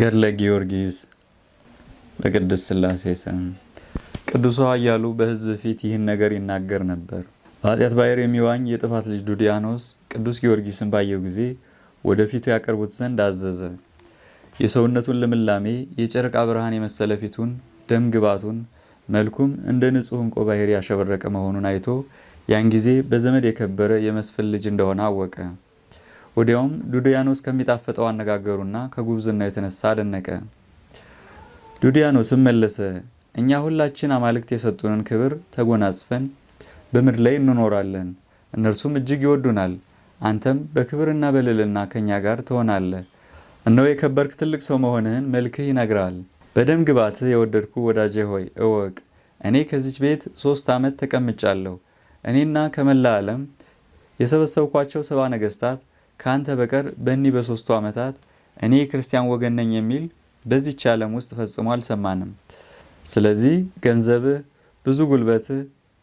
ገድለ ጊዮርጊስ በቅድስት ስላሴ ስም ቅዱሱ ኃያሉ በሕዝብ ፊት ይህን ነገር ይናገር ነበር። በኃጢአት ባሕር የሚዋኝ የጥፋት ልጅ ዱዲያኖስ ቅዱስ ጊዮርጊስን ባየው ጊዜ ወደፊቱ ያቀርቡት ዘንድ አዘዘ። የሰውነቱን ልምላሜ የጨረቃ ብርሃን የመሰለ ፊቱን፣ ደም ግባቱን፣ መልኩም እንደ ንጹሕ እንቆ ባሕር ያሸበረቀ መሆኑን አይቶ ያን ጊዜ በዘመድ የከበረ የመስፍን ልጅ እንደሆነ አወቀ። ወዲያውም ዱዲያኖስ ከሚጣፍጠው አነጋገሩና ከጉብዝና የተነሳ አደነቀ። ዱዲያኖስም መለሰ፣ እኛ ሁላችን አማልክት የሰጡንን ክብር ተጎናጽፈን በምድር ላይ እንኖራለን፣ እነርሱም እጅግ ይወዱናል። አንተም በክብርና በልልና ከእኛ ጋር ትሆናለህ። እነሆ የከበርክ ትልቅ ሰው መሆንህን መልክህ ይነግራል። በደም ግባትህ የወደድኩ ወዳጄ ሆይ እወቅ፣ እኔ ከዚች ቤት ሶስት ዓመት ተቀምጫለሁ። እኔና ከመላ ዓለም የሰበሰብኳቸው ሰባ ነገስታት ከአንተ በቀር በእኒህ በሦስቱ ዓመታት እኔ ክርስቲያን ወገን ነኝ የሚል በዚች ዓለም ውስጥ ፈጽሞ አልሰማንም። ስለዚህ ገንዘብህ፣ ብዙ ጉልበትህ፣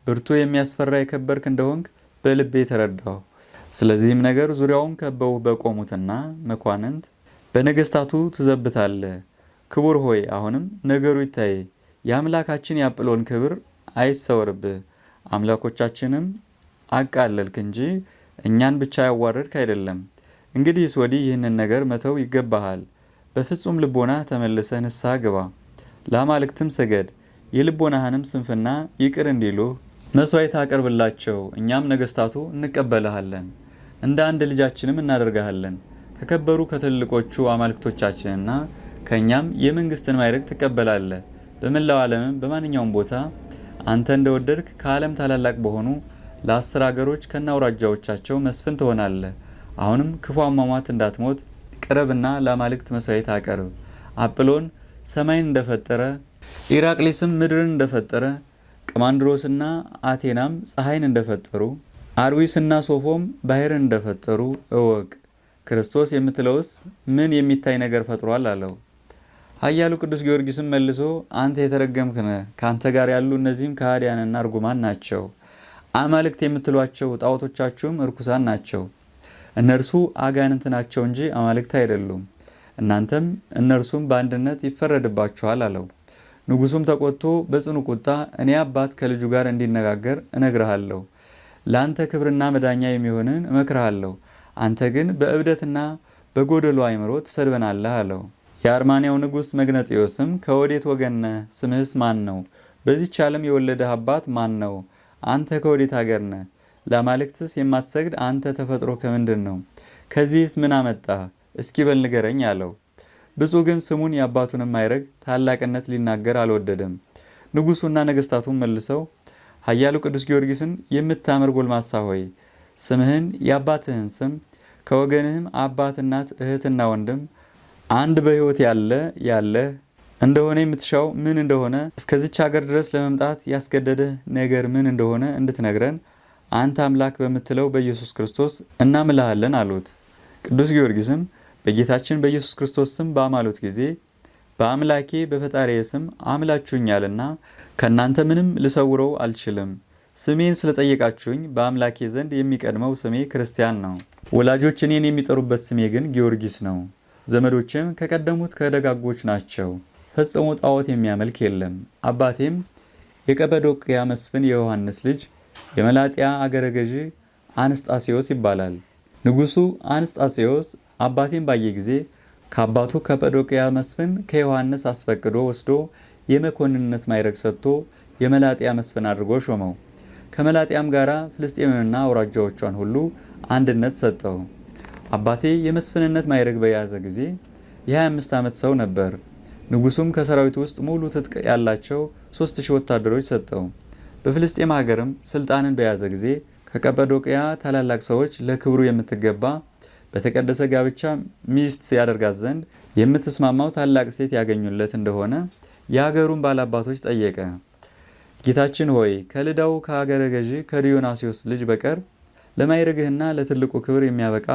ብርቱ የሚያስፈራ የከበርክ እንደሆንክ በልቤ ተረዳሁ። ስለዚህም ነገር ዙሪያውን ከበው በቆሙትና መኳንንት በነገስታቱ ትዘብታለህ። ክቡር ሆይ አሁንም ነገሩ ይታይ፣ የአምላካችን የአጵሎን ክብር አይሰወርብህ። አምላኮቻችንም አቃለልክ እንጂ እኛን ብቻ ያዋረድክ አይደለም። እንግዲህስ ወዲህ ይህንን ነገር መተው ይገባሃል። በፍጹም ልቦና ተመልሰ ንስሐ ግባ፣ ለአማልክትም ስገድ፣ የልቦናህንም ስንፍና ይቅር እንዲሉህ መስዋዕት አቅርብላቸው። እኛም ነገስታቱ እንቀበልሃለን፣ እንደ አንድ ልጃችንም እናደርግሃለን። ከከበሩ ከትልቆቹ አማልክቶቻችንና ከእኛም የመንግስትን ማይረግ ትቀበላለህ። በመላው ዓለምም በማንኛውም ቦታ አንተ እንደወደድክ ከዓለም ታላላቅ በሆኑ ለአስር አገሮች ከናውራጃዎቻቸው መስፍን ትሆናለህ። አሁንም ክፉ አሟሟት እንዳትሞት ቅረብና ለአማልክት መስዋዕት አቀርብ። አጵሎን ሰማይን እንደፈጠረ ኢራቅሊስም ምድርን እንደፈጠረ ቀማንድሮስና አቴናም ፀሐይን እንደፈጠሩ አርዊስና ሶፎም ባህርን እንደፈጠሩ እወቅ። ክርስቶስ የምትለውስ ምን የሚታይ ነገር ፈጥሯል? አለው። ኃያሉ ቅዱስ ጊዮርጊስም መልሶ አንተ የተረገምክ ነህ፣ ከአንተ ጋር ያሉ እነዚህም ከሃዲያንና እርጉማን ናቸው አማልክት የምትሏቸው ጣዖቶቻችሁም እርኩሳን ናቸው። እነርሱ አጋንንት ናቸው እንጂ አማልክት አይደሉም። እናንተም እነርሱም በአንድነት ይፈረድባችኋል አለው። ንጉሱም ተቆጥቶ በጽኑ ቁጣ እኔ አባት ከልጁ ጋር እንዲነጋገር እነግርሃለሁ፣ ለአንተ ክብርና መዳኛ የሚሆንን እመክርሃለሁ። አንተ ግን በእብደትና በጎደሎ አይምሮ ትሰድበናለህ አለው። የአርማንያው ንጉሥ መግነጢዮስም ከወዴት ወገን ነህ? ስምህስ ማን ነው? በዚች ዓለም የወለደህ አባት ማን ነው? አንተ ከወዴት ሀገር ነህ? ለአማልክትስ የማትሰግድ አንተ ተፈጥሮ ከምንድን ነው? ከዚህስ ምን አመጣህ? እስኪ በል ንገረኝ አለው። ብፁዕ ግን ስሙን የአባቱን የማይረግ ታላቅነት ሊናገር አልወደደም። ንጉሱና ነገስታቱም መልሰው ኃያሉ ቅዱስ ጊዮርጊስን የምታምር ጎልማሳ ሆይ ስምህን የአባትህን ስም ከወገንህም አባት፣ እናት፣ እህትና ወንድም አንድ በሕይወት ያለ ያለህ እንደሆነ የምትሻው ምን እንደሆነ እስከዚች ሀገር ድረስ ለመምጣት ያስገደደህ ነገር ምን እንደሆነ እንድትነግረን አንተ አምላክ በምትለው በኢየሱስ ክርስቶስ እናምልሃለን አሉት። ቅዱስ ጊዮርጊስም በጌታችን በኢየሱስ ክርስቶስ ስም በአማሉት ጊዜ በአምላኬ በፈጣሪዬ ስም አምላችሁኛልና ከእናንተ ምንም ልሰውረው አልችልም። ስሜን ስለጠየቃችሁኝ በአምላኬ ዘንድ የሚቀድመው ስሜ ክርስቲያን ነው። ወላጆች እኔን የሚጠሩበት ስሜ ግን ጊዮርጊስ ነው። ዘመዶችም ከቀደሙት ከደጋጎች ናቸው። ፈጽሞ ጣዖት የሚያመልክ የለም። አባቴም የቀጰዶቅያ መስፍን የዮሐንስ ልጅ የመላጢያ አገረ ገዢ አንስጣሴዎስ ይባላል። ንጉሱ አንስጣሴዎስ አባቴን ባየ ጊዜ ከአባቱ ከቀጰዶቅያ መስፍን ከዮሐንስ አስፈቅዶ ወስዶ የመኮንነት ማይረግ ሰጥቶ የመላጢያ መስፍን አድርጎ ሾመው። ከመላጢያም ጋራ ፍልስጤምንና አውራጃዎቿን ሁሉ አንድነት ሰጠው። አባቴ የመስፍንነት ማይረግ በያዘ ጊዜ የ25 ዓመት ሰው ነበር። ንጉሱም ከሰራዊቱ ውስጥ ሙሉ ትጥቅ ያላቸው ሶስት ሺህ ወታደሮች ሰጠው። በፍልስጤም ሀገርም ስልጣንን በያዘ ጊዜ ከቀጰዶቅያ ታላላቅ ሰዎች ለክብሩ የምትገባ በተቀደሰ ጋብቻ ሚስት ያደርጋት ዘንድ የምትስማማው ታላቅ ሴት ያገኙለት እንደሆነ የሀገሩን ባላባቶች ጠየቀ። ጌታችን ሆይ ከልዳው ከሀገረ ገዢ ከዲዮናስዮስ ልጅ በቀር ለማይርግህና ለትልቁ ክብር የሚያበቃ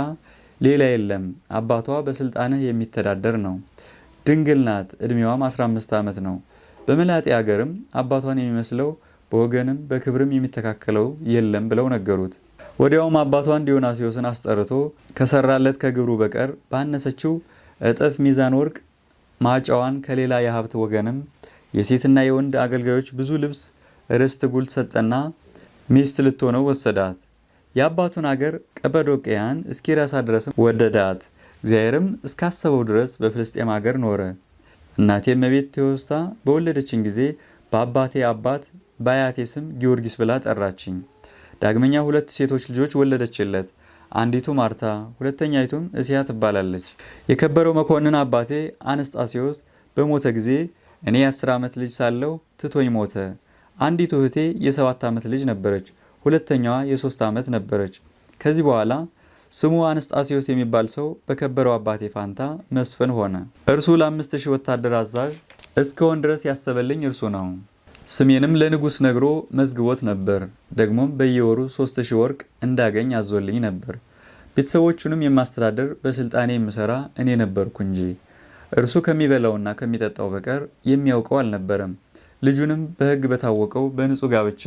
ሌላ የለም። አባቷ በስልጣንህ የሚተዳደር ነው። ድንግል ናት። ዕድሜዋም 15 ዓመት ነው። በመላጤ አገርም አባቷን የሚመስለው በወገንም በክብርም የሚተካከለው የለም ብለው ነገሩት። ወዲያውም አባቷን ዲዮናስዮስን አስጠርቶ ከሰራለት ከግብሩ በቀር ባነሰችው እጥፍ ሚዛን ወርቅ ማጫዋን ከሌላ የሀብት ወገንም የሴትና የወንድ አገልጋዮች ብዙ ልብስ፣ ርስት፣ ጉልት ሰጠና ሚስት ልትሆነው ወሰዳት። የአባቱን አገር ቀጰዶቅያን እስኪረሳ ድረስም ወደዳት። እግዚአብሔርም እስካሰበው ድረስ በፍልስጤም አገር ኖረ። እናቴ እመቤት ቴዎስታ በወለደችን ጊዜ በአባቴ አባት በአያቴ ስም ጊዮርጊስ ብላ ጠራችኝ። ዳግመኛ ሁለት ሴቶች ልጆች ወለደችለት። አንዲቱ ማርታ፣ ሁለተኛይቱም እስያ ትባላለች። የከበረው መኮንን አባቴ አነስጣሴዎስ በሞተ ጊዜ እኔ የአስር ዓመት ልጅ ሳለሁ ትቶኝ ሞተ። አንዲቱ እህቴ የሰባት ዓመት ልጅ ነበረች። ሁለተኛዋ የሶስት ዓመት ነበረች። ከዚህ በኋላ ስሙ አንስጣሴዎስ የሚባል ሰው በከበረው አባቴ ፋንታ መስፍን ሆነ። እርሱ ለአምስት ሺህ ወታደር አዛዥ እስከሆን ድረስ ያሰበልኝ እርሱ ነው። ስሜንም ለንጉሥ ነግሮ መዝግቦት ነበር። ደግሞም በየወሩ ሶስት ሺህ ወርቅ እንዳገኝ አዞልኝ ነበር። ቤተሰቦቹንም የማስተዳደር በስልጣኔ የምሰራ እኔ ነበርኩ እንጂ እርሱ ከሚበላውና ከሚጠጣው በቀር የሚያውቀው አልነበረም። ልጁንም በሕግ በታወቀው በንጹህ ጋብቻ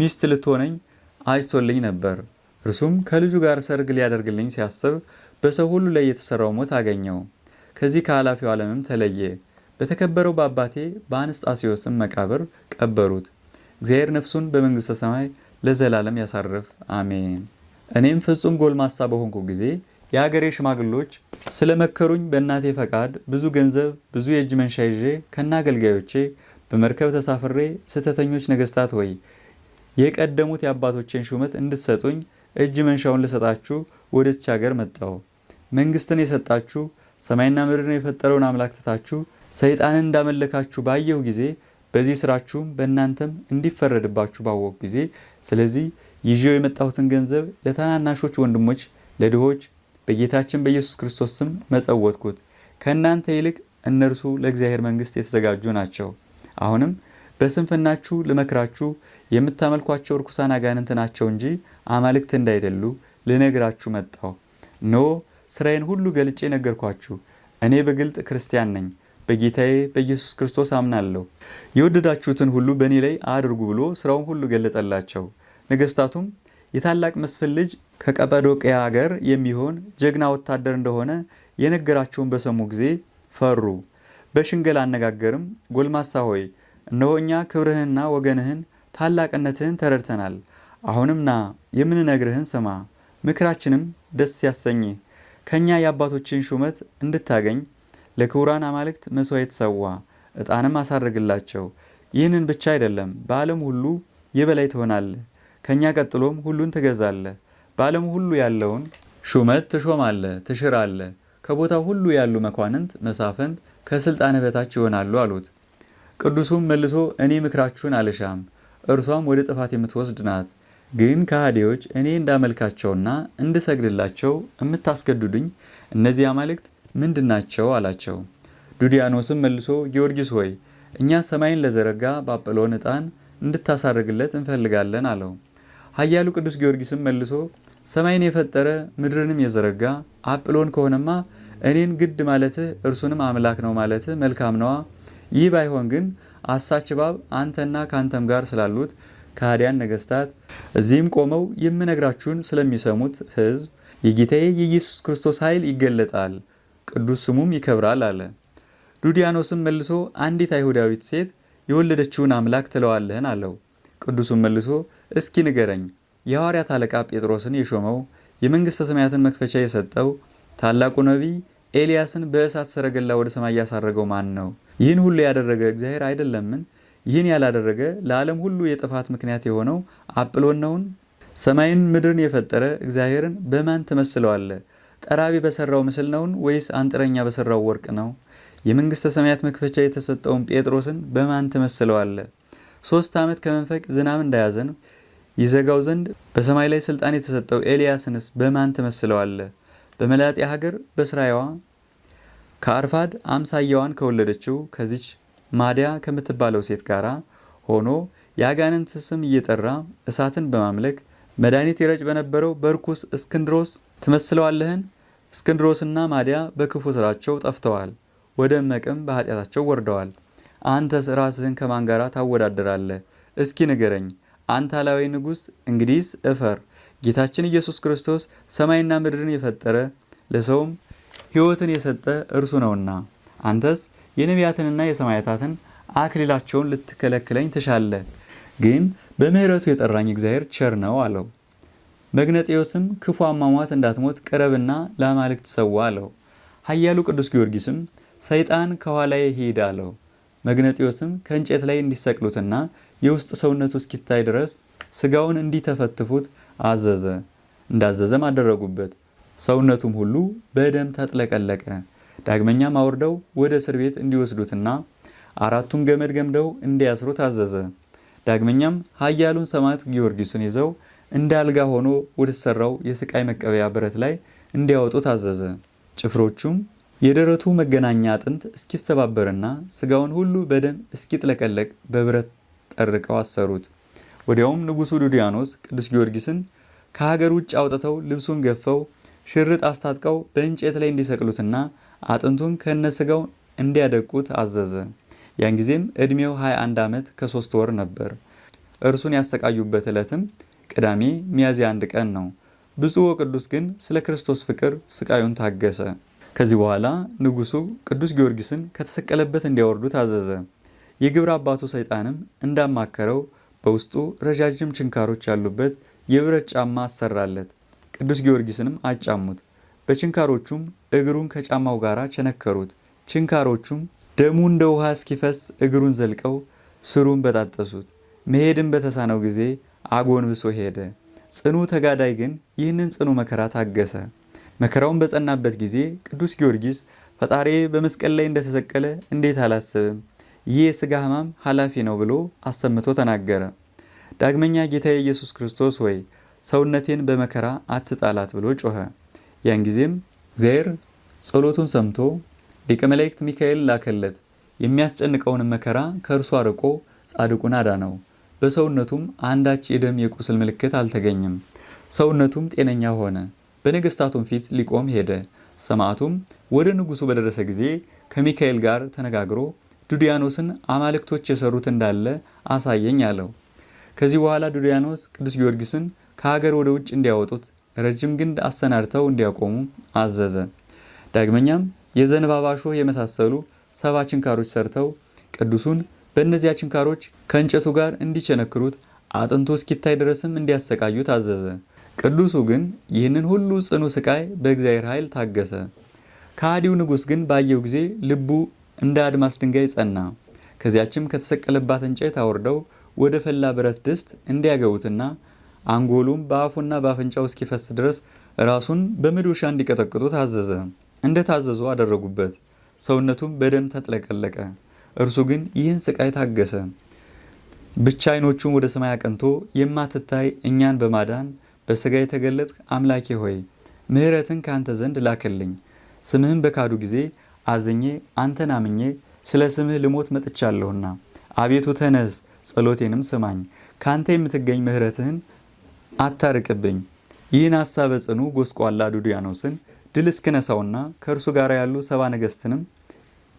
ሚስት ልትሆነኝ አጭቶልኝ ነበር። እርሱም ከልጁ ጋር ሰርግ ሊያደርግልኝ ሲያስብ በሰው ሁሉ ላይ የተሰራው ሞት አገኘው። ከዚህ ከኃላፊው ዓለምም ተለየ። በተከበረው በአባቴ በአንስጣሴዎስም መቃብር ቀበሩት። እግዚአብሔር ነፍሱን በመንግሥተ ሰማይ ለዘላለም ያሳርፍ፣ አሜን። እኔም ፍጹም ጎልማሳ በሆንኩ ጊዜ የአገሬ ሽማግሎች ስለመከሩኝ በእናቴ ፈቃድ ብዙ ገንዘብ፣ ብዙ የእጅ መንሻ ይዤ ከነ አገልጋዮቼ በመርከብ ተሳፍሬ ስህተተኞች ነገሥታት ወይ የቀደሙት የአባቶቼን ሹመት እንድትሰጡኝ እጅ መንሻውን ልሰጣችሁ ወደች ሀገር መጣሁ። መንግስትን የሰጣችሁ ሰማይና ምድርን የፈጠረውን አምላክ ትታችሁ ሰይጣንን እንዳመለካችሁ ባየሁ ጊዜ በዚህ ስራችሁም በእናንተም እንዲፈረድባችሁ ባወቅ ጊዜ ስለዚህ ይዤው የመጣሁትን ገንዘብ ለታናናሾች ወንድሞች፣ ለድሆች በጌታችን በኢየሱስ ክርስቶስ ስም መጸወትኩት። ከእናንተ ይልቅ እነርሱ ለእግዚአብሔር መንግስት የተዘጋጁ ናቸው። አሁንም በስንፍናችሁ ልመክራችሁ የምታመልኳቸው እርኩሳን አጋንንት ናቸው እንጂ አማልክት እንዳይደሉ ልነግራችሁ መጣሁ። ኖ ስራዬን ሁሉ ገልጬ ነገርኳችሁ። እኔ በግልጥ ክርስቲያን ነኝ፣ በጌታዬ በኢየሱስ ክርስቶስ አምናለሁ። የወደዳችሁትን ሁሉ በእኔ ላይ አድርጉ ብሎ ስራውን ሁሉ ገለጠላቸው። ነገስታቱም የታላቅ መስፍን ልጅ ከቀጳዶቅያ አገር የሚሆን ጀግና ወታደር እንደሆነ የነገራቸውን በሰሙ ጊዜ ፈሩ። በሽንገል አነጋገርም ጎልማሳ ሆይ እነሆ እኛ ክብርህንና ወገንህን ታላቅነትህን ተረድተናል። አሁንም ና የምንነግርህን ስማ፣ ምክራችንም ደስ ያሰኝህ። ከእኛ የአባቶችን ሹመት እንድታገኝ ለክቡራን አማልክት መሥዋዕት ሰዋ፣ ዕጣንም አሳርግላቸው። ይህንን ብቻ አይደለም፣ በዓለም ሁሉ የበላይ ትሆናለህ። ከእኛ ቀጥሎም ሁሉን ትገዛለህ። በዓለም ሁሉ ያለውን ሹመት ትሾማለህ፣ ትሽራለህ። ከቦታ ሁሉ ያሉ መኳንንት፣ መሳፍንት ከስልጣን በታች ይሆናሉ አሉት። ቅዱሱም መልሶ እኔ ምክራችሁን አልሻም እርሷም ወደ ጥፋት የምትወስድ ናት። ግን ከሃዲዎች እኔ እንዳመልካቸውና እንድሰግድላቸው የምታስገድዱኝ እነዚህ አማልክት ምንድን ናቸው? አላቸው። ዱዲያኖስም መልሶ ጊዮርጊስ ሆይ እኛ ሰማይን ለዘረጋ በአጵሎን ዕጣን እንድታሳርግለት እንፈልጋለን አለው። ኃያሉ ቅዱስ ጊዮርጊስም መልሶ ሰማይን የፈጠረ ምድርንም የዘረጋ አጵሎን ከሆነማ እኔን ግድ ማለትህ እርሱንም አምላክ ነው ማለትህ መልካም ነዋ። ይህ ባይሆን ግን አሳች እባብ አንተና ከአንተም ጋር ስላሉት ከሃዲያን ነገስታት እዚህም ቆመው የምነግራችሁን ስለሚሰሙት ህዝብ የጌታዬ የኢየሱስ ክርስቶስ ኃይል ይገለጣል፣ ቅዱስ ስሙም ይከብራል አለ። ዱዲያኖስም መልሶ አንዲት አይሁዳዊት ሴት የወለደችውን አምላክ ትለዋለህን አለው። ቅዱሱም መልሶ እስኪ ንገረኝ፣ የሐዋርያት አለቃ ጴጥሮስን የሾመው የመንግሥተ ሰማያትን መክፈቻ የሰጠው ታላቁ ነቢይ ኤልያስን በእሳት ሰረገላ ወደ ሰማይ ያሳረገው ማን ነው? ይህን ሁሉ ያደረገ እግዚአብሔር አይደለምን? ይህን ያላደረገ ለዓለም ሁሉ የጥፋት ምክንያት የሆነው አጵሎን ነውን? ሰማይን ምድርን የፈጠረ እግዚአብሔርን በማን ትመስለዋለ? ጠራቢ በሰራው ምስል ነውን? ወይስ አንጥረኛ በሰራው ወርቅ ነው? የመንግሥተ ሰማያት መክፈቻ የተሰጠውን ጴጥሮስን በማን ትመስለዋለ? ሦስት ዓመት ከመንፈቅ ዝናብ እንዳያዘን ይዘጋው ዘንድ በሰማይ ላይ ስልጣን የተሰጠው ኤልያስንስ በማን ትመስለዋለ? በመላጤ ሀገር በስራዋ ከአርፋድ አምሳያዋን ከወለደችው ከዚች ማዲያ ከምትባለው ሴት ጋር ሆኖ የአጋንንት ስም እየጠራ እሳትን በማምለክ መድኃኒት ይረጭ በነበረው በርኩስ እስክንድሮስ ትመስለዋለህን? እስክንድሮስና ማዲያ በክፉ ስራቸው ጠፍተዋል፣ ወደ መቅም በኃጢአታቸው ወርደዋል። አንተስ ራስህን ከማን ጋር ታወዳደራለህ? እስኪ ንገረኝ አንተ አላዊ ንጉሥ። እንግዲህስ እፈር ጌታችን ኢየሱስ ክርስቶስ ሰማይና ምድርን የፈጠረ ለሰውም ሕይወትን የሰጠ እርሱ ነውና አንተስ የነቢያትንና የሰማያታትን አክሊላቸውን ልትከለክለኝ ትሻለ። ግን በምሕረቱ የጠራኝ እግዚአብሔር ቸር ነው አለው። መግነጤዎስም ክፉ አሟሟት እንዳትሞት ቅረብና ለአማልክት ሰዋ አለው። ኃያሉ ቅዱስ ጊዮርጊስም ሰይጣን ከኋላዬ ሂድ አለው። መግነጤዎስም ከእንጨት ላይ እንዲሰቅሉትና የውስጥ ሰውነቱ እስኪታይ ድረስ ስጋውን እንዲተፈትፉት አዘዘ። እንዳዘዘም አደረጉበት። ሰውነቱም ሁሉ በደም ተጥለቀለቀ። ዳግመኛም አውርደው ወደ እስር ቤት እንዲወስዱትና አራቱን ገመድ ገምደው እንዲያስሩት አዘዘ። ዳግመኛም ኃያሉን ሰማዕት ጊዮርጊስን ይዘው እንደ አልጋ ሆኖ ወደተሰራው የስቃይ መቀበያ ብረት ላይ እንዲያወጡት አዘዘ። ጭፍሮቹም የደረቱ መገናኛ አጥንት እስኪሰባበርና ስጋውን ሁሉ በደም እስኪጥለቀለቅ በብረት ጠርቀው አሰሩት። ወዲያውም ንጉሱ ዱዲያኖስ ቅዱስ ጊዮርጊስን ከሀገር ውጭ አውጥተው ልብሱን ገፈው ሽርጥ አስታጥቀው በእንጨት ላይ እንዲሰቅሉትና አጥንቱን ከነስጋው እንዲያደቁት አዘዘ። ያን ጊዜም ዕድሜው 21 ዓመት ከሶስት ወር ነበር። እርሱን ያሰቃዩበት ዕለትም ቅዳሜ ሚያዝያ አንድ ቀን ነው። ብፁዕ ወቅዱስ ግን ስለ ክርስቶስ ፍቅር ስቃዩን ታገሰ። ከዚህ በኋላ ንጉሡ ቅዱስ ጊዮርጊስን ከተሰቀለበት እንዲያወርዱ ታዘዘ። የግብረ አባቱ ሰይጣንም እንዳማከረው በውስጡ ረዣዥም ችንካሮች ያሉበት የብረት ጫማ አሰራለት። ቅዱስ ጊዮርጊስንም አጫሙት። በችንካሮቹም እግሩን ከጫማው ጋር ቸነከሩት። ችንካሮቹም ደሙ እንደ ውሃ እስኪፈስ እግሩን ዘልቀው ስሩን በጣጠሱት። መሄድን በተሳነው ጊዜ አጎንብሶ ሄደ። ጽኑ ተጋዳይ ግን ይህንን ጽኑ መከራ ታገሰ። መከራውን በጸናበት ጊዜ ቅዱስ ጊዮርጊስ ፈጣሪ በመስቀል ላይ እንደተሰቀለ እንዴት አላስብም? ይህ የሥጋ ሕማም ኃላፊ ነው ብሎ አሰምቶ ተናገረ። ዳግመኛ ጌታ ኢየሱስ ክርስቶስ ወይ ሰውነቴን በመከራ አትጣላት ብሎ ጮኸ። ያን ጊዜም እግዚአብሔር ጸሎቱን ሰምቶ ሊቀ መላእክት ሚካኤል ላከለት። የሚያስጨንቀውን መከራ ከእርሱ አርቆ ጻድቁን አዳነው። በሰውነቱም አንዳች የደም የቁስል ምልክት አልተገኘም። ሰውነቱም ጤነኛ ሆነ። በነገስታቱም ፊት ሊቆም ሄደ። ሰማዕቱም ወደ ንጉሱ በደረሰ ጊዜ ከሚካኤል ጋር ተነጋግሮ ዱዲያኖስን አማልክቶች የሰሩት እንዳለ አሳየኝ አለው። ከዚህ በኋላ ዱዲያኖስ ቅዱስ ጊዮርጊስን ከሀገር ወደ ውጭ እንዲያወጡት ረጅም ግንድ አሰናድተው እንዲያቆሙ አዘዘ። ዳግመኛም የዘንባባ የመሳሰሉ ሰባ ችንካሮች ሰርተው ቅዱሱን በእነዚያ ችንካሮች ከእንጨቱ ጋር እንዲቸነክሩት አጥንቱ እስኪታይ ድረስም እንዲያሰቃዩት አዘዘ። ቅዱሱ ግን ይህንን ሁሉ ጽኑ ስቃይ በእግዚአብሔር ኃይል ታገሰ። ከሃዲው ንጉሥ ግን ባየው ጊዜ ልቡ እንደ አድማስ ድንጋይ ጸና። ከዚያችም ከተሰቀለባት እንጨት አውርደው ወደ ፈላ ብረት ድስት እንዲያገቡትና አንጎሉም በአፉና በአፍንጫው እስኪፈስ ድረስ ራሱን በመዶሻ እንዲቀጠቅጡ ታዘዘ። እንደ ታዘዙ አደረጉበት። ሰውነቱም በደም ተጥለቀለቀ። እርሱ ግን ይህን ስቃይ ታገሰ። ብቻ አይኖቹን ወደ ሰማይ አቅንቶ የማትታይ እኛን በማዳን በስጋ የተገለጥ አምላኬ ሆይ ምሕረትን ከአንተ ዘንድ ላክልኝ። ስምህን በካዱ ጊዜ አዝኜ አንተን አምኜ ስለ ስምህ ልሞት መጥቻለሁና አቤቱ ተነስ፣ ጸሎቴንም ስማኝ። ከአንተ የምትገኝ ምሕረትህን አታርቅብኝ። ይህን ሐሳበ ጽኑ ጎስቋላ ዱድያኖስን ድል እስክነሳውና ከእርሱ ጋር ያሉ ሰባ ነገሥትንም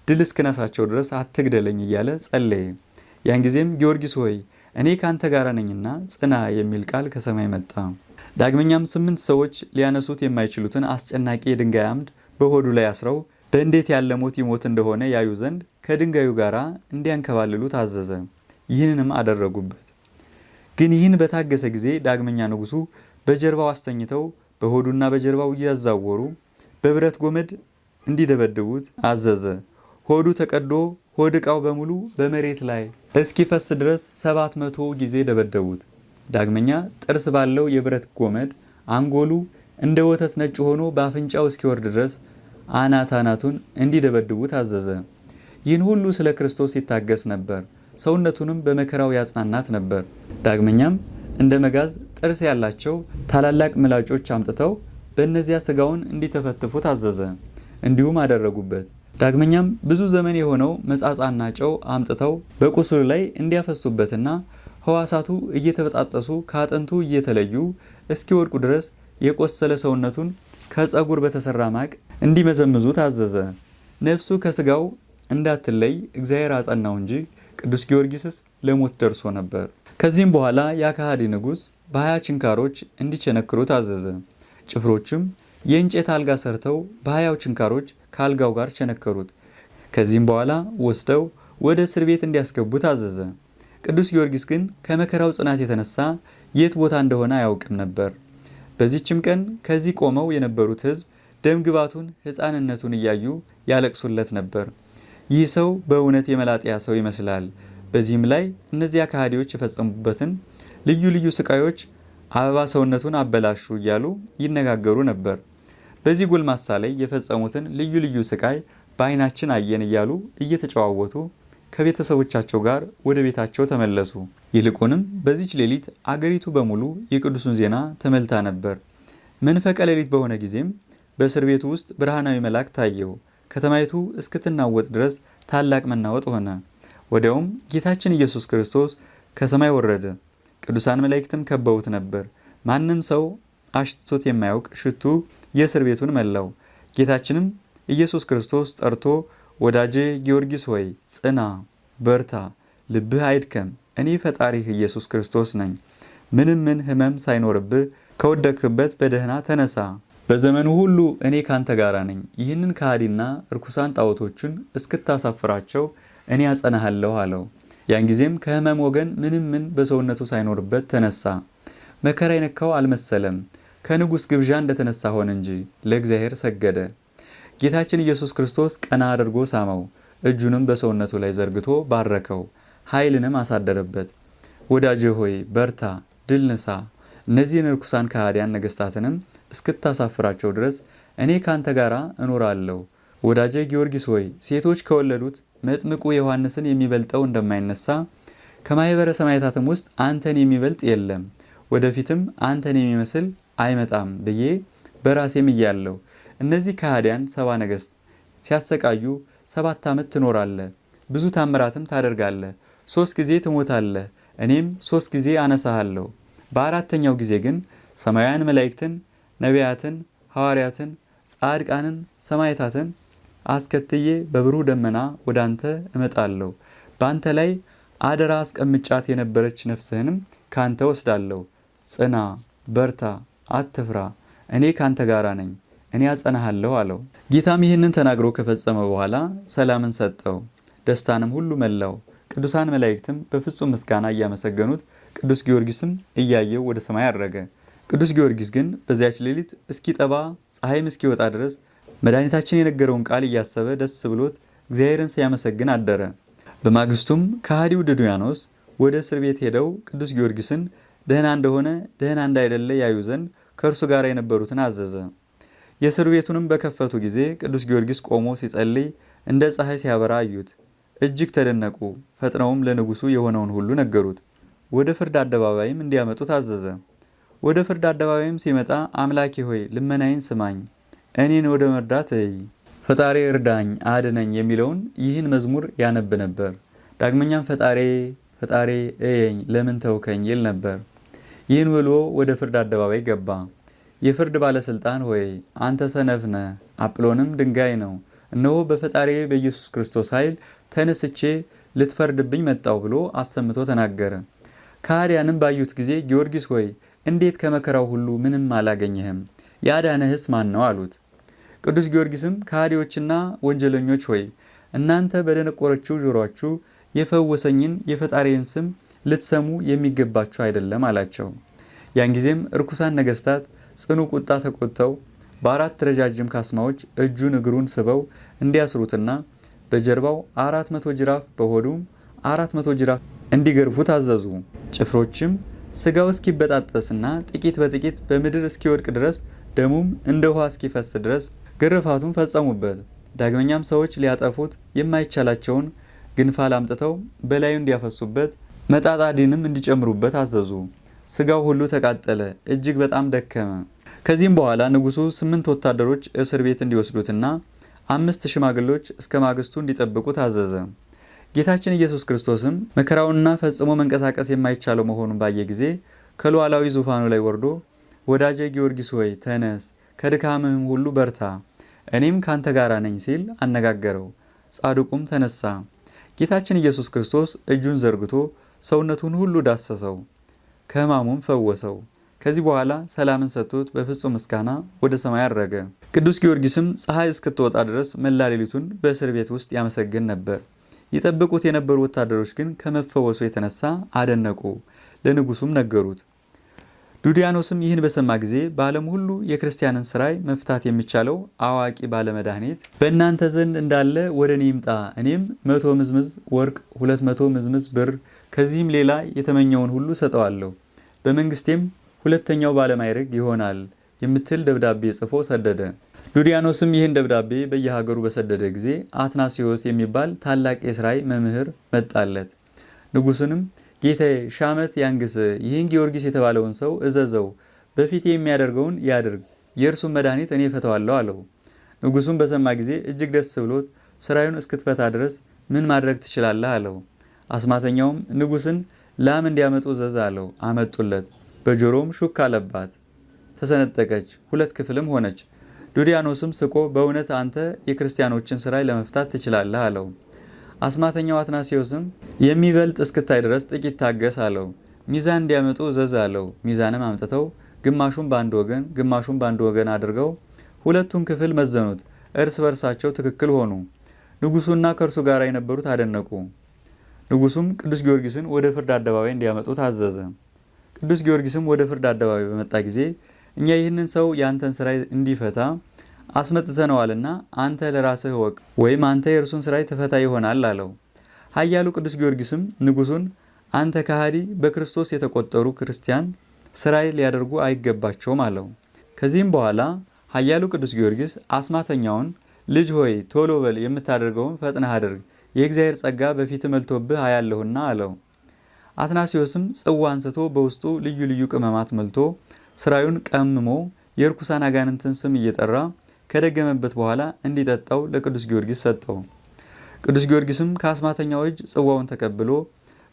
ድል እስክነሳቸው ድረስ አትግደለኝ እያለ ጸለየ። ያን ጊዜም ጊዮርጊስ ሆይ እኔ ከአንተ ጋር ነኝና ጽና የሚል ቃል ከሰማይ መጣ። ዳግመኛም ስምንት ሰዎች ሊያነሱት የማይችሉትን አስጨናቂ የድንጋይ አምድ በሆዱ ላይ አስረው በእንዴት ያለ ሞት ይሞት እንደሆነ ያዩ ዘንድ ከድንጋዩ ጋር እንዲያንከባልሉ ታዘዘ። ይህንንም አደረጉበት። ግን ይህን በታገሰ ጊዜ ዳግመኛ ንጉሱ በጀርባው አስተኝተው በሆዱና በጀርባው እያዛወሩ በብረት ጎመድ እንዲደበድቡት አዘዘ። ሆዱ ተቀዶ ሆድ እቃው በሙሉ በመሬት ላይ እስኪፈስ ድረስ ሰባት መቶ ጊዜ ደበደቡት። ዳግመኛ ጥርስ ባለው የብረት ጎመድ አንጎሉ እንደ ወተት ነጭ ሆኖ በአፍንጫው እስኪወርድ ድረስ አናት አናቱን እንዲደበድቡት አዘዘ። ይህን ሁሉ ስለ ክርስቶስ ይታገስ ነበር። ሰውነቱንም በመከራው ያጽናናት ነበር። ዳግመኛም እንደ መጋዝ ጥርስ ያላቸው ታላላቅ ምላጮች አምጥተው በእነዚያ ስጋውን እንዲተፈትፉ ታዘዘ። እንዲሁም አደረጉበት። ዳግመኛም ብዙ ዘመን የሆነው መጻጻና ጨው አምጥተው በቁስሉ ላይ እንዲያፈሱበትና ህዋሳቱ እየተበጣጠሱ ከአጥንቱ እየተለዩ እስኪወድቁ ድረስ የቆሰለ ሰውነቱን ከፀጉር በተሰራ ማቅ እንዲመዘምዙ ታዘዘ። ነፍሱ ከስጋው እንዳትለይ እግዚአብሔር አጸናው እንጂ ቅዱስ ጊዮርጊስስ ለሞት ደርሶ ነበር። ከዚህም በኋላ የአካሃዲ ንጉሥ በሀያ ችንካሮች እንዲቸነክሩ ታዘዘ። ጭፍሮችም የእንጨት አልጋ ሰርተው በሀያው ችንካሮች ከአልጋው ጋር ቸነከሩት። ከዚህም በኋላ ወስደው ወደ እስር ቤት እንዲያስገቡ ታዘዘ። ቅዱስ ጊዮርጊስ ግን ከመከራው ጽናት የተነሳ የት ቦታ እንደሆነ አያውቅም ነበር። በዚችም ቀን ከዚህ ቆመው የነበሩት ህዝብ ደምግባቱን ሕፃንነቱን እያዩ ያለቅሱለት ነበር። ይህ ሰው በእውነት የመላጥያ ሰው ይመስላል በዚህም ላይ እነዚያ ካህዲዎች የፈጸሙበትን ልዩ ልዩ ስቃዮች አበባ ሰውነቱን አበላሹ እያሉ ይነጋገሩ ነበር። በዚህ ጎልማሳ ላይ የፈጸሙትን ልዩ ልዩ ስቃይ በዓይናችን አየን እያሉ እየተጨዋወቱ ከቤተሰቦቻቸው ጋር ወደ ቤታቸው ተመለሱ። ይልቁንም በዚች ሌሊት አገሪቱ በሙሉ የቅዱሱን ዜና ተመልታ ነበር። መንፈቀ ሌሊት በሆነ ጊዜም በእስር ቤቱ ውስጥ ብርሃናዊ መልአክ ታየው። ከተማይቱ እስክትናወጥ ድረስ ታላቅ መናወጥ ሆነ። ወዲያውም ጌታችን ኢየሱስ ክርስቶስ ከሰማይ ወረደ፣ ቅዱሳን መላእክትም ከበውት ነበር። ማንም ሰው አሽትቶት የማያውቅ ሽቱ የእስር ቤቱን መላው። ጌታችንም ኢየሱስ ክርስቶስ ጠርቶ ወዳጄ ጊዮርጊስ ሆይ ጽና፣ በርታ፣ ልብህ አይድከም፣ እኔ ፈጣሪህ ኢየሱስ ክርስቶስ ነኝ። ምንም ምን ህመም ሳይኖርብህ ከወደክበት በደህና ተነሳ። በዘመኑ ሁሉ እኔ ካንተ ጋራ ነኝ። ይህንን ከሃዲና ርኩሳን ጣዖቶቹን እስክታሳፍራቸው እኔ ያጸናሃለሁ አለው። ያን ጊዜም ከህመም ወገን ምንም ምን በሰውነቱ ሳይኖርበት ተነሳ። መከራ የነካው አልመሰለም፣ ከንጉሥ ግብዣ እንደተነሳ ሆነ እንጂ ለእግዚአብሔር ሰገደ። ጌታችን ኢየሱስ ክርስቶስ ቀና አድርጎ ሳመው፣ እጁንም በሰውነቱ ላይ ዘርግቶ ባረከው፣ ኃይልንም አሳደረበት። ወዳጄ ሆይ በርታ፣ ድል ንሳ። እነዚህን ርኩሳን ከሃዲያን ነገሥታትንም እስክታሳፍራቸው ድረስ እኔ ካንተ ጋር እኖራለሁ። ወዳጄ ጊዮርጊስ ሆይ ሴቶች ከወለዱት መጥምቁ ዮሐንስን የሚበልጠው እንደማይነሳ ከማኅበረ ሰማዕታትም ውስጥ አንተን የሚበልጥ የለም፣ ወደፊትም አንተን የሚመስል አይመጣም ብዬ በራሴ ምያለሁ። እነዚህ ከሃዲያን ሰባ ነገሥት ሲያሰቃዩ ሰባት ዓመት ትኖራለህ፣ ብዙ ታምራትም ታደርጋለህ፣ ሦስት ጊዜ ትሞታለህ፣ እኔም ሦስት ጊዜ አነሳሃለሁ። በአራተኛው ጊዜ ግን ሰማያውያን መላእክትን፣ ነቢያትን፣ ሐዋርያትን፣ ጻድቃንን፣ ሰማዕታትን አስከትዬ በብሩህ ደመና ወደ አንተ እመጣለሁ። በአንተ ላይ አደራ አስቀምጫት የነበረች ነፍስህንም ካንተ ወስዳለሁ። ጽና፣ በርታ፣ አትፍራ፣ እኔ ካንተ ጋራ ነኝ፣ እኔ አጸናሃለሁ አለው። ጌታም ይህንን ተናግሮ ከፈጸመ በኋላ ሰላምን ሰጠው፣ ደስታንም ሁሉ መላው። ቅዱሳን መላእክትም በፍጹም ምስጋና እያመሰገኑት፣ ቅዱስ ጊዮርጊስም እያየው ወደ ሰማይ አረገ። ቅዱስ ጊዮርጊስ ግን በዚያች ሌሊት እስኪጠባ ፀሐይም እስኪወጣ ድረስ መድኃኒታችን የነገረውን ቃል እያሰበ ደስ ብሎት እግዚአብሔርን ሲያመሰግን አደረ። በማግስቱም ከሃዲው ድዱያኖስ ወደ እስር ቤት ሄደው ቅዱስ ጊዮርጊስን ደህና እንደሆነ ደህና እንዳይደለ ያዩ ዘንድ ከእርሱ ጋር የነበሩትን አዘዘ። የእስር ቤቱንም በከፈቱ ጊዜ ቅዱስ ጊዮርጊስ ቆሞ ሲጸልይ እንደ ፀሐይ ሲያበራ አዩት። እጅግ ተደነቁ። ፈጥነውም ለንጉሱ የሆነውን ሁሉ ነገሩት። ወደ ፍርድ አደባባይም እንዲያመጡት አዘዘ። ወደ ፍርድ አደባባይም ሲመጣ አምላኬ ሆይ ልመናዬን ስማኝ እኔን ወደ መርዳት ፈጣሪ እርዳኝ አድነኝ የሚለውን ይህን መዝሙር ያነብ ነበር። ዳግመኛም ፈጣሬ ፈጣሬ እየኝ ለምን ተውከኝ ይል ነበር። ይህን ብሎ ወደ ፍርድ አደባባይ ገባ። የፍርድ ባለስልጣን ሆይ አንተ ሰነፍ ነህ፣ አጵሎንም ድንጋይ ነው። እነሆ በፈጣሪ በኢየሱስ ክርስቶስ ኃይል ተነስቼ ልትፈርድብኝ መጣው ብሎ አሰምቶ ተናገረ። ከሃዲያንም ባዩት ጊዜ ጊዮርጊስ ሆይ እንዴት ከመከራው ሁሉ ምንም አላገኘህም? ያዳነህስ ማን ነው? አሉት። ቅዱስ ጊዮርጊስም ከሃዲዎችና ወንጀለኞች ሆይ እናንተ በደነቆረችው ጆሮአችሁ የፈወሰኝን የፈጣሪን ስም ልትሰሙ የሚገባችሁ አይደለም አላቸው። ያን ጊዜም እርኩሳን ነገስታት ጽኑ ቁጣ ተቆጥተው በአራት ረጃጅም ካስማዎች እጁን እግሩን ስበው እንዲያስሩትና በጀርባው አራት መቶ ጅራፍ በሆዱም አራት መቶ ጅራፍ እንዲገርፉ ታዘዙ። ጭፍሮችም ስጋው እስኪበጣጠስና ጥቂት በጥቂት በምድር እስኪወድቅ ድረስ ደሙም እንደ ውሃ እስኪፈስ ድረስ ግርፋቱን ፈጸሙበት። ዳግመኛም ሰዎች ሊያጠፉት የማይቻላቸውን ግንፋል አምጥተው በላዩ እንዲያፈሱበት መጣጣዲንም እንዲጨምሩበት አዘዙ። ስጋው ሁሉ ተቃጠለ፣ እጅግ በጣም ደከመ። ከዚህም በኋላ ንጉሱ ስምንት ወታደሮች እስር ቤት እንዲወስዱትና አምስት ሽማግሎች እስከ ማግስቱ እንዲጠብቁ ታዘዘ። ጌታችን ኢየሱስ ክርስቶስም መከራውንና ፈጽሞ መንቀሳቀስ የማይቻለው መሆኑን ባየ ጊዜ ከሉዓላዊ ዙፋኑ ላይ ወርዶ ወዳጄ ጊዮርጊስ ሆይ ተነስ፣ ከድካምህም ሁሉ በርታ እኔም ካንተ ጋር ነኝ ሲል አነጋገረው። ጻድቁም ተነሳ። ጌታችን ኢየሱስ ክርስቶስ እጁን ዘርግቶ ሰውነቱን ሁሉ ዳሰሰው፣ ከሕማሙም ፈወሰው። ከዚህ በኋላ ሰላምን ሰጥቶት በፍጹም ምስጋና ወደ ሰማይ አረገ። ቅዱስ ጊዮርጊስም ፀሐይ እስክትወጣ ድረስ መላ ሌሊቱን በእስር ቤት ውስጥ ያመሰግን ነበር። ይጠብቁት የነበሩ ወታደሮች ግን ከመፈወሱ የተነሳ አደነቁ፣ ለንጉሱም ነገሩት። ዱዲያኖስም ይህን በሰማ ጊዜ በዓለም ሁሉ የክርስቲያንን ስራይ መፍታት የሚቻለው አዋቂ ባለመድኃኒት በእናንተ ዘንድ እንዳለ ወደ እኔ ይምጣ፣ እኔም መቶ ምዝምዝ ወርቅ፣ ሁለት መቶ ምዝምዝ ብር፣ ከዚህም ሌላ የተመኘውን ሁሉ ሰጠዋለሁ፣ በመንግስቴም ሁለተኛው ባለማይረግ ይሆናል የምትል ደብዳቤ ጽፎ ሰደደ። ዱዲያኖስም ይህን ደብዳቤ በየሀገሩ በሰደደ ጊዜ አትናሲዮስ የሚባል ታላቅ የስራይ መምህር መጣለት። ንጉስንም ጌታዬ ሻመት ያንግስ፣ ይህን ጊዮርጊስ የተባለውን ሰው እዘዘው፣ በፊት የሚያደርገውን ያድርግ፣ የእርሱን መድኃኒት እኔ ፈተዋለሁ አለው። ንጉሱም በሰማ ጊዜ እጅግ ደስ ብሎት ስራዩን እስክትፈታ ድረስ ምን ማድረግ ትችላለህ አለው። አስማተኛውም ንጉስን ላም እንዲያመጡ እዘዝ አለው። አመጡለት። በጆሮም ሹክ አለባት፣ ተሰነጠቀች፣ ሁለት ክፍልም ሆነች። ዱዲያኖስም ስቆ በእውነት አንተ የክርስቲያኖችን ስራይ ለመፍታት ትችላለህ አለው። አስማተኛው አትናሲዮስም የሚበልጥ እስክታይ ድረስ ጥቂት ታገስ አለው። ሚዛን እንዲያመጡ እዘዝ አለው። ሚዛንም አምጥተው ግማሹን በአንድ ወገን ግማሹን በአንድ ወገን አድርገው ሁለቱን ክፍል መዘኑት። እርስ በርሳቸው ትክክል ሆኑ። ንጉሱና ከእርሱ ጋር የነበሩት አደነቁ። ንጉሱም ቅዱስ ጊዮርጊስን ወደ ፍርድ አደባባይ እንዲያመጡ ታዘዘ። ቅዱስ ጊዮርጊስም ወደ ፍርድ አደባባይ በመጣ ጊዜ እኛ ይህንን ሰው ያንተን ስራ እንዲፈታ አስመጥተነዋልና አንተ ለራስህ ወቅ ወይም አንተ የእርሱን ስራይ ተፈታ ይሆናል አለው። ኃያሉ ቅዱስ ጊዮርጊስም ንጉሱን አንተ ከሃዲ፣ በክርስቶስ የተቆጠሩ ክርስቲያን ስራይ ሊያደርጉ አይገባቸውም አለው። ከዚህም በኋላ ኃያሉ ቅዱስ ጊዮርጊስ አስማተኛውን ልጅ ሆይ ቶሎ በል፣ የምታደርገውን ፈጥነህ አድርግ፣ የእግዚአብሔር ጸጋ በፊት መልቶብህ አያለሁና አለው። አትናሲዮስም ጽዋ አንስቶ በውስጡ ልዩ ልዩ ቅመማት መልቶ ስራዩን ቀምሞ የርኩሳን አጋንንትን ስም እየጠራ ከደገመበት በኋላ እንዲጠጣው ለቅዱስ ጊዮርጊስ ሰጠው። ቅዱስ ጊዮርጊስም ከአስማተኛው እጅ ጽዋውን ተቀብሎ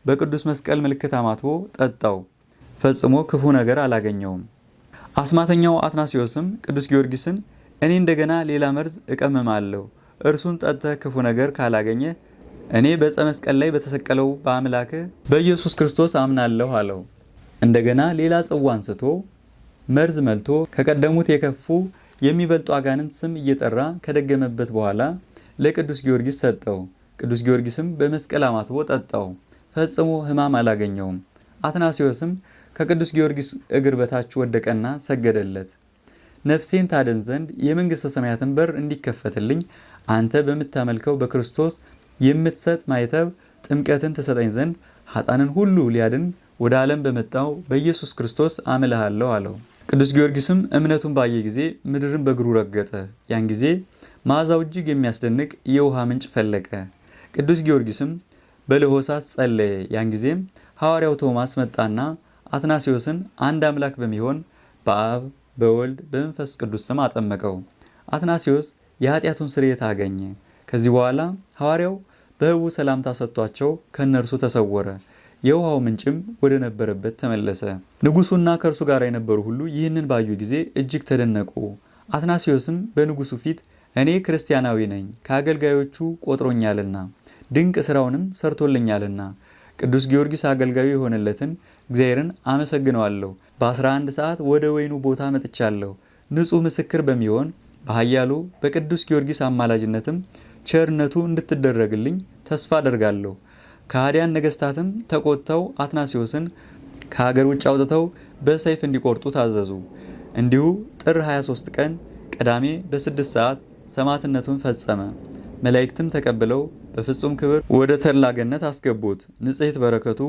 በቅዱስ መስቀል ምልክት አማትቦ ጠጣው። ፈጽሞ ክፉ ነገር አላገኘውም። አስማተኛው አትናሲዮስም ቅዱስ ጊዮርጊስን እኔ እንደገና ሌላ መርዝ እቀምማለሁ፣ እርሱን ጠጥተህ ክፉ ነገር ካላገኘ እኔ በዕፀ መስቀል ላይ በተሰቀለው በአምላክ በኢየሱስ ክርስቶስ አምናለሁ አለው። እንደገና ሌላ ጽዋ አንስቶ መርዝ መልቶ ከቀደሙት የከፉ የሚበልጡ አጋንንት ስም እየጠራ ከደገመበት በኋላ ለቅዱስ ጊዮርጊስ ሰጠው። ቅዱስ ጊዮርጊስም በመስቀል አማትቦ ጠጣው። ፈጽሞ ሕማም አላገኘውም። አትናሲዮስም ከቅዱስ ጊዮርጊስ እግር በታች ወደቀና ሰገደለት። ነፍሴን ታደን ዘንድ የመንግሥተ ሰማያትን በር እንዲከፈትልኝ አንተ በምታመልከው በክርስቶስ የምትሰጥ ማይተብ ጥምቀትን ትሰጠኝ ዘንድ ኃጣንን ሁሉ ሊያድን ወደ ዓለም በመጣው በኢየሱስ ክርስቶስ አምልሃለሁ አለው። ቅዱስ ጊዮርጊስም እምነቱን ባየ ጊዜ ምድርን በእግሩ ረገጠ። ያን ጊዜ መዓዛው እጅግ የሚያስደንቅ የውሃ ምንጭ ፈለቀ። ቅዱስ ጊዮርጊስም በለሆሳስ ጸለየ። ያን ጊዜም ሐዋርያው ቶማስ መጣና አትናሲዮስን አንድ አምላክ በሚሆን በአብ በወልድ በመንፈስ ቅዱስ ስም አጠመቀው። አትናሲዮስ የኃጢአቱን ስርየት አገኘ። ከዚህ በኋላ ሐዋርያው በህቡ ሰላምታ ሰጥቷቸው ከእነርሱ ተሰወረ። የውሃው ምንጭም ወደ ነበረበት ተመለሰ። ንጉሱና ከእርሱ ጋር የነበሩ ሁሉ ይህንን ባዩ ጊዜ እጅግ ተደነቁ። አትናሲዮስም በንጉሱ ፊት እኔ ክርስቲያናዊ ነኝ፣ ከአገልጋዮቹ ቆጥሮኛልና ድንቅ ስራውንም ሰርቶልኛልና ቅዱስ ጊዮርጊስ አገልጋዩ የሆነለትን እግዚአብሔርን አመሰግነዋለሁ። በ11 ሰዓት ወደ ወይኑ ቦታ መጥቻለሁ። ንጹሕ ምስክር በሚሆን በኃያሉ በቅዱስ ጊዮርጊስ አማላጅነትም ቸርነቱ እንድትደረግልኝ ተስፋ አደርጋለሁ። ከሃዲያን ነገስታትም ተቆጥተው አትናሲዮስን ከሀገር ውጭ አውጥተው በሰይፍ እንዲቆርጡ ታዘዙ። እንዲሁ ጥር 23 ቀን ቀዳሜ በስድስት ሰዓት ሰማዕትነቱን ፈጸመ። መላእክትም ተቀብለው በፍጹም ክብር ወደ ተላገነት አስገቡት። ንጽሕት በረከቱ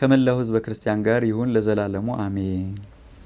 ከመላው ሕዝበ ክርስቲያን ጋር ይሁን ለዘላለሙ አሜን።